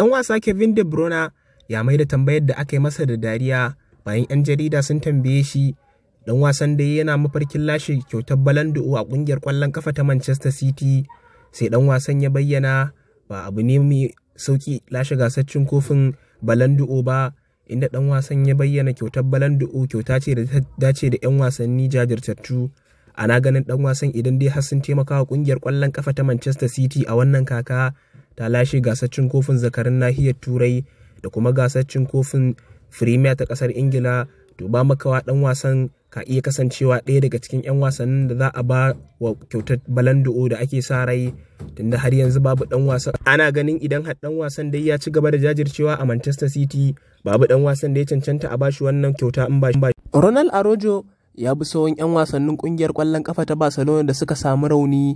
Dan wasa Kevin De Bruyne ya mai da tambayar da aka yi masa da dariya bayan 'yan jarida sun tambaye shi dan wasan da yana mafarkin lashe kyautar Ballon d'Or a kungiyar kwallon kafa ta Manchester City sai dan wasan ya bayyana ba abu ne mai sauki lashe gasar cin kofin Ballon d'Or ba inda dan wasan ya bayyana kyautar Ballon d'Or kyauta ce da dace da 'yan wasanni jajirtattu ana ganin dan wasan idan dai har sun taimaka wa kungiyar kwallon kafa ta Manchester City a wannan kaka ta lashe gasar cin kofin zakarin nahiyar turai da kuma gasar cin kofin firimiya ta kasar ingila to ba makawa dan wasan ka iya kasancewa ɗaya daga cikin 'yan wasannin da za a ba wa kyautar balandu'o da ake sa rai tunda har yanzu babu dan wasan ana ganin idan har dan wasan dai ya ci gaba da jajircewa a manchester city babu dan wasan da ya cancanta a bashi wannan kyauta in ba ronald arojo ya bi sauran 'yan wasannin kungiyar kwallon kafa ta barcelona da suka samu rauni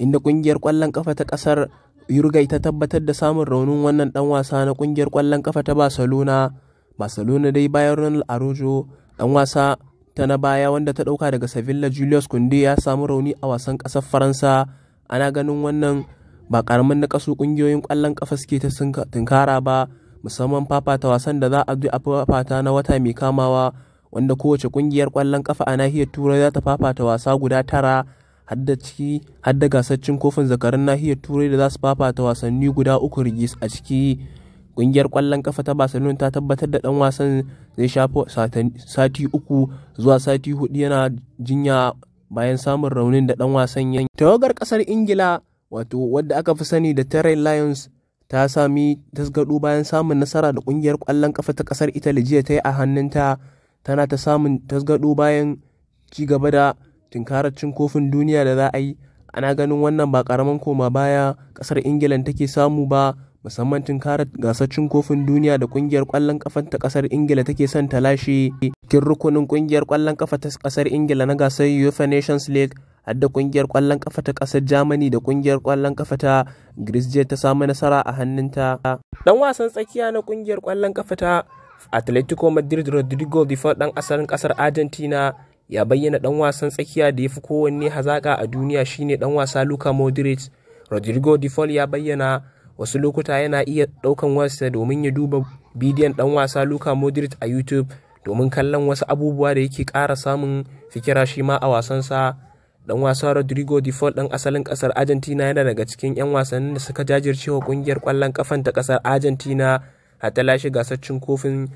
inda kungiyar kwallon kafa ta kasar yurgai ta tabbatar da samun raunin wannan ɗan wasa na ƙungiyar ƙwallon ƙafa ta Barcelona. Barcelona dai bayan Ronald dan ɗan wasa ta na baya wanda ta ɗauka daga Sevilla Julius Kunde ya samu rauni a wasan ƙasar Faransa. Ana ganin wannan ba ƙaramin na ƙasu ƙungiyoyin ƙwallon ƙafa suke ta tunkara ba musamman fafata wasan da za a je a fafata na wata mai kamawa wanda kowace ƙungiyar kwallon kafa a nahiyar Turai za ta fafata wasa guda tara hadda ciki hadda kofin zakarun nahiyar turai da za su fafata wasanni guda uku rigis a ciki kungiyar kwallon kafa ta barcelona ta tabbatar da dan wasan zai shafi sati uku zuwa sati hudu yana jinya bayan samun raunin da dan wasan ya tawagar kasar ingila wato wadda aka fi sani da terry lions ta sami tasgado bayan samun nasara da kungiyar kwallon kafa ta kasar italy jiya ta yi a hannunta tana ta samun tasgado bayan ci gaba da tunkarar kofin duniya da za a yi ana ganin wannan ba karaman koma baya kasar ingila take samu ba musamman tunkarar gasar kofin duniya da kungiyar kwallon kafa ta kasar ingila take son ta lashe kin rukunin kungiyar kwallon kafa ta kasar ingila na gasar uefa nations league hadda kungiyar kwallon kafa ta kasar Germany da kungiyar kwallon kafa ta Greece ta samu nasara a hannunta. Dan wasan tsakiya na kungiyar kwallon kafa ta Atletico Madrid Rodrigo Default dan asalin kasar Argentina ya bayyana dan wasan tsakiya da ya fi kowanne hazaƙa a duniya shine dan wasa Luka Modric. Rodrigo de Paul ya bayyana wasu lokuta yana iya ɗaukan wasa domin ya duba bidiyon dan wasa Luka Modric a YouTube domin kallon wasu abubuwa da yake ƙara samun fikira shi ma a wasansa. Dan wasa Rodrigo de Paul ɗan asalin ƙasar Argentina yana daga cikin 'yan wasannin da suka jajircewa ƙungiyar kwallon ƙafan ta ƙasar Argentina a ta lashe gasar cin kofin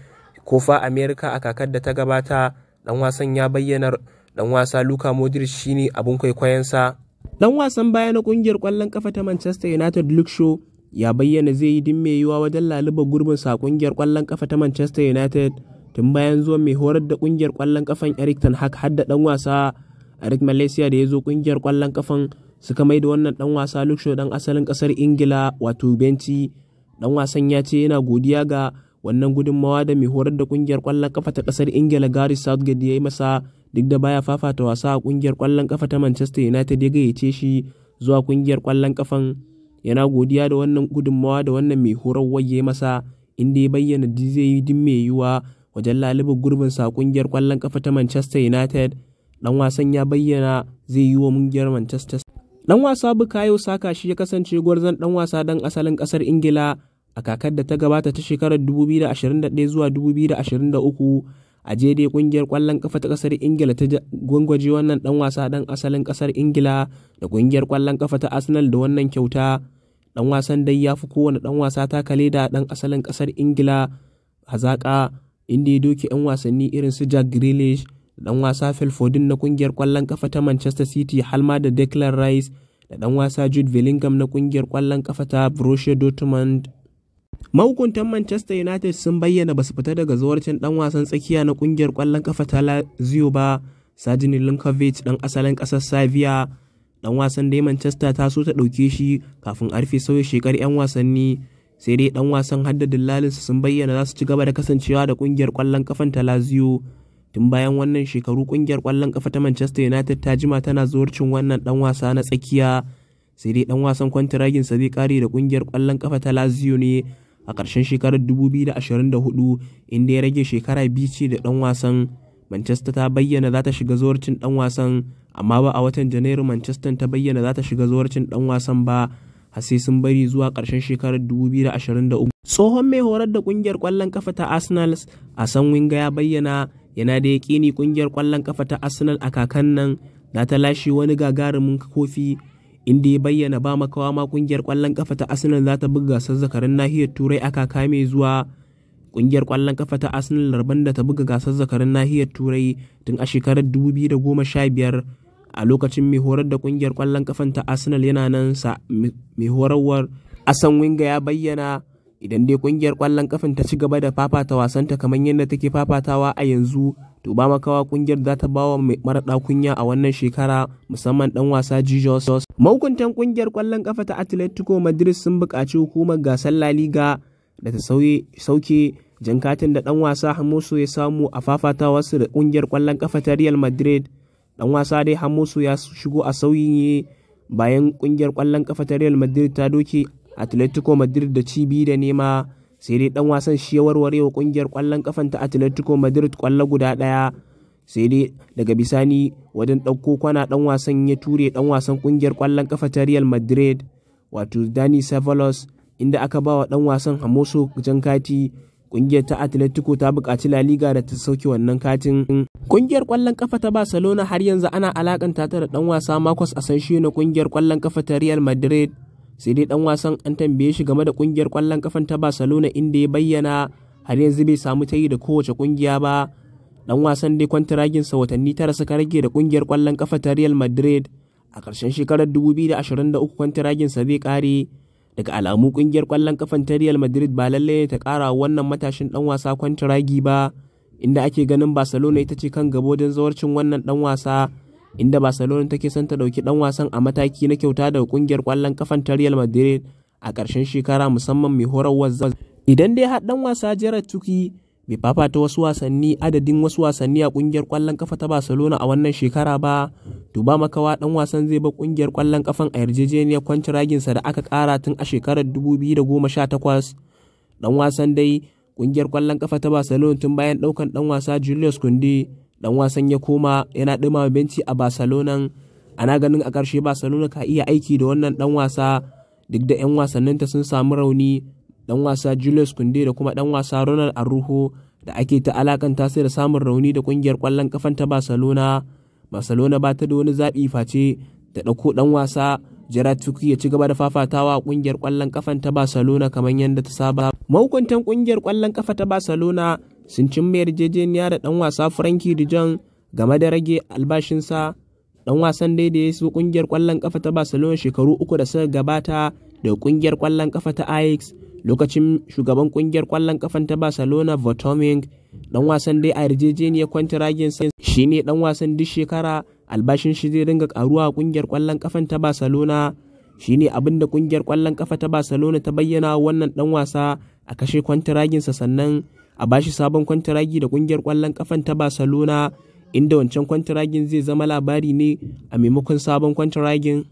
kofa America a kakar da ta gabata. dan wasan ya bayyana dan wasa Luka Modric shine abun kwaikwayonsa. Dan wasan baya na kungiyar kwallon kafa ta Manchester United Luke Shaw ya bayyana zai yi din mai yiwa wajen laluba gurbin sa kungiyar kwallon kafa ta Manchester United tun bayan zuwan mai horar da kungiyar kwallon kafan Eric Ten Hag har da dan wasa Eric Malaysia da ya zo kungiyar kwallon kafan suka mai da wannan dan wasa Luke Shaw dan asalin kasar Ingila wato Benci dan wasan ya ce yana godiya ga wannan gudunmawa da mai horar da kungiyar kwallon kafa ta kasar ingila gary southgate ya yi masa duk da baya fafata wasa a kungiyar kwallon kafa ta manchester united ya gayyace shi zuwa kungiyar kwallon kafan yana godiya da wannan gudunmawa da wannan mai horar ya yi masa inda ya bayyana zai yi duk mai yiwuwa wajen lalibin gurbin sa kungiyar kwallon kafa ta manchester united dan wasan ya bayyana zai yi wa mungiyar manchester dan wasa bukayo saka shi ya kasance gwarzon dan wasa dan asalin kasar ingila a kakar da ta gabata ta shekarar 2021 zuwa 2023 a daidai kungiyar kwallon kafa ta kasar ingila ta gwangwaje wannan dan wasa dan asalin kasar ingila da kungiyar kwallon kafa ta arsenal da wannan kyauta dan wasan dai ya fi kowane dan wasa takale da dan asalin kasar ingila hazaka inda ya doke 'yan wasanni irin su jack grealish dan wasa phil na kungiyar kwallon kafa ta manchester city halma da declan rice da dan wasa jude bellingham na kungiyar kwallon kafa ta borussia dortmund Mahukuntan Manchester United sun bayyana ba su fita daga zuwarcin ɗan wasan tsakiya na kungiyar ƙwallon kafa ta Lazio ba, sajini Linkovic ɗan asalin ƙasar Serbia. Ɗan wasan dai Manchester ta so ta ɗauke shi kafin arfi sauya shekar 'yan wasanni. Sai dai ɗan wasan hadda dillalinsa sun bayyana za su ci gaba da kasancewa da kungiyar kwallon kafan ta Lazio. tun bayan wannan shekaru kungiyar kwallon kafa ta Manchester United ta jima tana zuwarcin wannan dan wasa na tsakiya sai dai dan wasan sa zai kare da kungiyar kwallon kafa ta lazio ne a ƙarshen shekarar 2024 inda ya rage shekara biyu da dan wasan manchester ta bayyana za ta shiga zuwarcin dan wasan amma ba a watan janairu manchester ta bayyana za ta shiga zuwarcin dan wasan ba har sai sun bari zuwa ƙarshen shekarar 2023 tsohon mai horar da kungiyar kwallon kafa ta arsenal a san winga ya bayyana yana da yaƙini kungiyar kwallon kafa ta arsenal a kakan nan za ta lashe wani gagarumin kofi inda ya bayyana ba makawa ma kungiyar kwallon kafa ta Arsenal za ta buga gasar zakarin nahiyar Turai a kaka mai zuwa kungiyar kwallon kafa ta Arsenal larban da ta buga gasar zakarin nahiyar Turai tun a shekarar 2015 a lokacin mai horar da kungiyar kwallon kafan ta Arsenal yana nan sa mai horarwar Asan Winga ya bayyana idan dai kungiyar kwallon kafan ta ci gaba da fafata wasanta kamar yadda take fafatawa a yanzu to ba makawa kungiyar za ta bawa mai maraɗa kunya a wannan shekara musamman dan wasa Jesus. Mahukuntan kungiyar kwallon kafa ta Atletico Madrid sun buƙaci hukumar gasar La Liga da ta sauke katin da dan wasa Hamoso ya samu a wasu da kungiyar kwallon kafa ta Real Madrid. Dan wasa dai Hamoso ya shigo a sauyi bayan kungiyar kwallon kafa ta Real Madrid ta doke Atletico Madrid da cibi da nema sai dai dan wasan shi ya warware wa kungiyar kwallon kafan ta Atletico Madrid kwallo guda daya sai dai daga bisani wajen dauko kwana dan wasan ya ture dan wasan kungiyar kwallon kafa ta Real Madrid wato Dani Ceballos inda aka ba wa dan wasan Hamoso kati kungiyar ta Atletico ta buƙaci La Liga da ta sauke wannan katin. Kungiyar kwallon kafa ta Barcelona har yanzu ana alakanta ta da ɗan wasa Marcos Asensio na kungiyar kwallon kafa ta Real Madrid sai dai dan wasan an tambaye shi game da kungiyar kwallon kafan ta Barcelona inda ya bayyana har yanzu bai samu tayi da kowace kungiya ba dan wasan dai kwantiragin sa watanni tara suka rage da kungiyar kwallon kafa ta Real Madrid a ƙarshen shekarar 2023 kwantiragin sa zai kare daga alamu kungiyar kwallon kafan ta Real Madrid ba lalle ne ta kara wannan matashin dan wasa kwantiragi ba inda ake ganin Barcelona ita ce kan gabo don zawarcin wannan dan wasa inda Barcelona take son ta dauki dan wasan a mataki na kyauta daga ƙungiyar kwallon kafan ta Real Madrid a ƙarshen shekara musamman mai horarwar idan dai har dan wasa Gerard Tuki bai fafata wasu wasanni adadin wasu wasanni a ƙungiyar kwallon kafa ta Barcelona a wannan shekara ba to ba makawa dan wasan zai ba ƙungiyar kwallon kafan a yarjejeniyar kwantiragin sa da aka ƙara tun a shekarar 2018 dan wasan dai ƙungiyar kwallon kafa ta Barcelona tun bayan daukan ɗan wasa Julius Kunde dan wasan ya koma yana ɗumama benci a barcelona ana ganin a karshe barcelona ka iya aiki da wannan dan wasa duk da 'yan wasannin ta sun samu rauni dan wasa julius kunde da kuma dan wasa ronald aruho da ake ta alakanta sai da samun rauni da kungiyar kwallon kafan ta barcelona barcelona ba ta da wani zaɓi face ta ɗauko dan wasa Gerard Tuki ya ci gaba da fafatawa a kungiyar kwallon kafan ta Barcelona kamar yadda ta saba. Mahukuntan kungiyar ƙwallon kafa ta Barcelona sun cimma yarjejeniya da ɗan wasa franky Dijon game da rage albashinsa ɗan wasan dai da ya su ƙungiyar ƙwallon ƙafa ta Barcelona shekaru uku da suka gabata da ƙungiyar ƙwallon ƙafa ta Ajax lokacin shugaban ƙungiyar ƙwallon ƙafan ta Barcelona Votoming ɗan wasan dai a yarjejeniyar shi shine ɗan wasan duk shekara albashin shi zai ringa ƙaruwa a ƙungiyar ƙwallon ƙafan ta Barcelona shine abin da ƙungiyar ƙwallon ƙafa ta Barcelona ta bayyana wannan ɗan wasa a kashe kwantiraginsa sannan a bashi sabon kwantiragi da kungiyar kwallon kafan ta barcelona inda wancan kwantiragin zai zama labari ne a maimakon sabon kwantiragin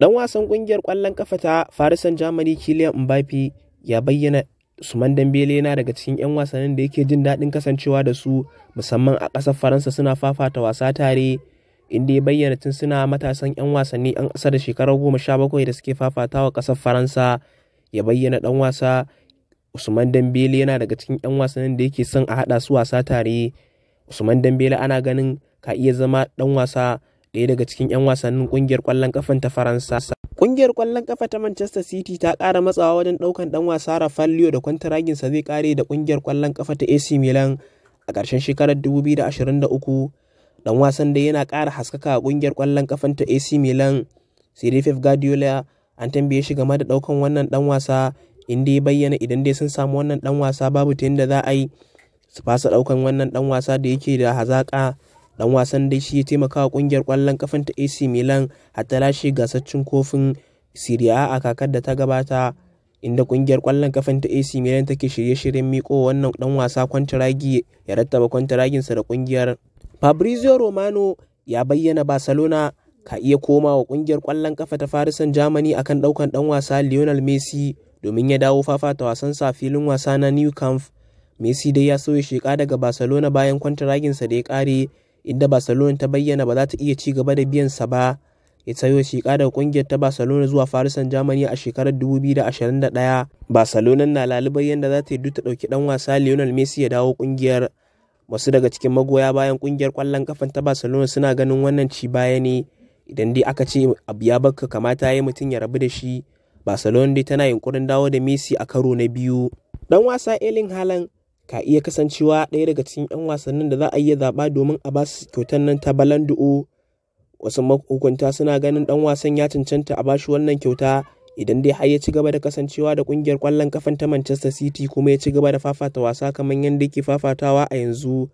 dan wasan kungiyar kwallon kafa ta farisan germany Kylian mbappe ya bayyana Usman Dembele yana daga cikin 'yan wasannin da yake jin daɗin kasancewa da su musamman a ƙasar Faransa suna fafata wasa tare inda ya bayyana tun suna matasan 'yan wasanni 'yan ƙasa da shekarar goma sha bakwai da suke fafatawa kasar Faransa ya bayyana ɗan wasa Usman Dembele yana daga cikin 'yan wasannin da yake son a haɗa su wasa tare. Usman dambele ana ganin ka iya zama ɗan wasa ɗaya daga cikin 'yan wasannin ƙungiyar ƙwallon ƙafan ta Faransa. Ƙungiyar ƙwallon ƙafa ta Manchester City ta ƙara matsawa wajen ɗaukan ɗan wasa Rafael da kwantaraginsa zai kare da ƙungiyar ƙwallon ƙafa ta AC Milan a ƙarshen shekarar 2023. Ɗan wasan da yana ƙara haskaka a ƙungiyar ƙwallon ƙafan ta AC Milan, Sirif Guardiola an tambaye shi game da ɗaukan wannan ɗan wasa in dai bayyana idan dai sun samu wannan dan wasa babu ta yadda za a yi su fasa daukan wannan dan wasa da yake da hazaka dan wasan dai shi ya taimaka wa kungiyar kwallon kafin ta AC Milan ta lashe gasaccin kofin Serie A a kakar da ta gabata inda kungiyar kwallon kafan ta AC Milan take shirye-shiryen miko wannan dan wasa kwantaragi ya rattaba sa da kungiyar Fabrizio Romano ya bayyana Barcelona ka iya komawa wa kungiyar kwallon kafa ta Farisan Germany akan daukan dan wasa Lionel Messi domin ya dawo fafata wasansa a filin wasa na New Camp. Messi dai ya sauya sheka daga Barcelona bayan kwantaraginsa da ya kare inda Barcelona ta bayyana ba za ta iya ci gaba da biyan sa ba. Ya sayo sheka daga kungiyar ta Barcelona zuwa Paris Saint-Germain a shekarar 2021. Barcelona na lalubar yadda za ta yi ta dauki dan wasa Lionel Messi ya dawo kungiyar. Wasu daga cikin magoya bayan kungiyar kwallon kafan ta Barcelona suna ganin wannan ci baya ne. Idan dai aka ce abu ya bakka kamata ya mutum ya rabu da shi. Barcelona dai tana yunkurin dawo da Messi a karo na biyu. Dan wasa elin halan ka iya kasancewa ɗaya daga cikin 'yan wasannin da za a iya zaɓa domin a ba su kyautar nan ta Ballon Wasu mahukunta suna ganin dan wasan ya cancanta a bashi wannan kyauta idan dai har ya ci gaba da kasancewa da kungiyar kwallon kafan ta Manchester City kuma ya ci gaba da fafata wasa kamar yadda yake fafatawa a yanzu.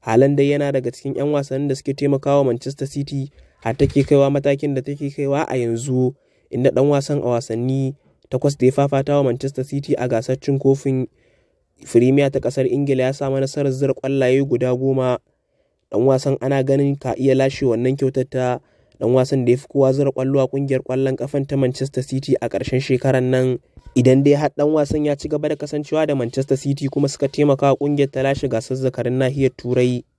halan dai yana daga cikin 'yan wasannin da suke taimakawa Manchester City har take kaiwa matakin da take kaiwa a yanzu. inda dan wasan a wasanni takwas da ya fafata wa Manchester City a gasar cin kofin Firimiya ta ƙasar Ingila ya samu nasarar zira kwallaye guda goma. Ɗan wasan ana ganin ka iya lashe wannan kyautar ta ɗan wasan da ya fi kowa zira ƙwallo a ƙungiyar ƙwallon ƙafan ta Manchester City a karshen shekarar nan. Idan dai har ɗan wasan ya ci gaba da kasancewa da Manchester City kuma suka taimaka ƙungiyar ta lashe gasar zakarin nahiyar Turai.